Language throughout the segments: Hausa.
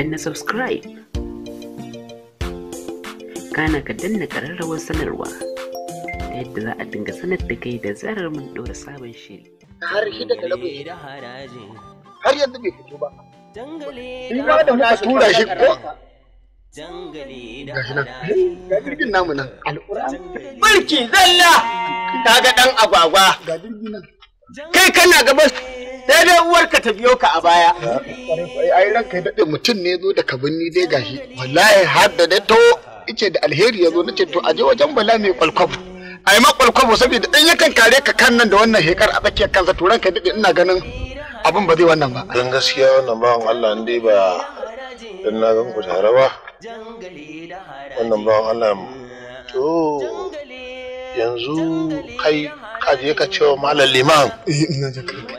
danna subscribe kana ka danna ƙararrawar sanarwa ta yadda za a dinga sanar da kai da zarar mun ɗora sabon shiri har da har yanzu bai fito ba in da muka tura shi ko gashi nan ga jirgin namu nan mulki zalla kaga dan agwagwa kai kana gaba sai dai uwarka ta biyo ka a baya ai ranka daɗe mutum ne zo da kabanni dai gashi wallahi har da dai to ice da alheri ya zo nace to aje wajen bala mai kwalkwabo ai ma kwalkwabo saboda dan yakan kare ka kan nan da wannan hekar a tsakiyar kansa to ranka daɗe ina ganin abin ba zai wannan ba dan gaskiya wannan bawan Allah ne ba dan na gan ku tare ba wannan bawan Allah to yanzu kai ka je ka ce wa malam liman eh, ina jaka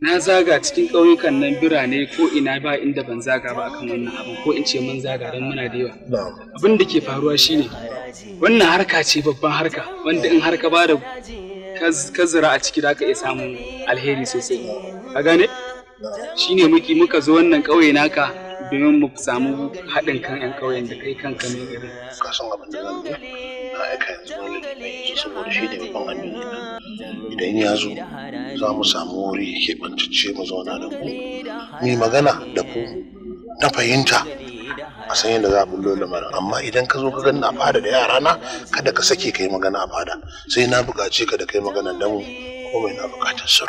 na zaga cikin ƙauyukan nan birane ko ina ba inda ban zaga ba akan wannan abu ko in ce mun zaga don muna da yawa abin da ke faruwa shine wannan harka ce babban harka wanda in harka ba da ka zira a ciki da ka iya samun alheri sosai ka gane shine muki muka zo wannan ƙauye naka domin mu samu haɗin kan 'yan ƙauyen da kai kanka ne Ka san abin da zan yi? Na aika yanzu wani ne saboda shi ne babban idan ya zo za mu samu wuri keɓantacce mu zauna da ku mu magana da ku na fahimta a san yadda za a bullo lamarin amma idan ka zo ka gani a fada da yara na kada ka sake kai magana a fada sai na buƙace ka da kai magana da mu komai na buƙatar sir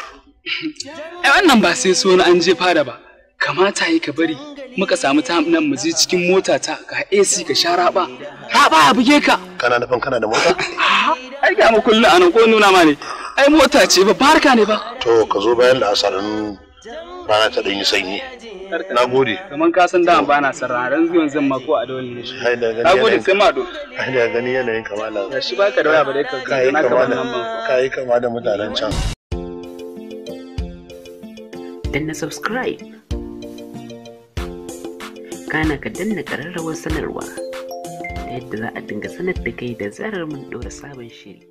ai wannan ba sai so na an je fada ba kamata yi ka bari muka samu ta nan mu je cikin mota ta ka AC ka sha raba raba a buge ka kana nufin kana da mota ai ga mu kullu anan ko nuna ma ne ai mota ce ba barka ne ba to ka zo bayan da asarin rana ta yi sanyi na gode kaman ka san dama bana san rana dan zuwan zan mako a dole ne na gode sai ma do ai da gani yanayin kamala ga shi baka da waya ba dai ka ga na kamar nan ba kai kama da mutanen can danna subscribe kana ka danna kararrawar sanarwa ta yadda za a dinga sanar da kai da zarar mun ɗora sabon shiri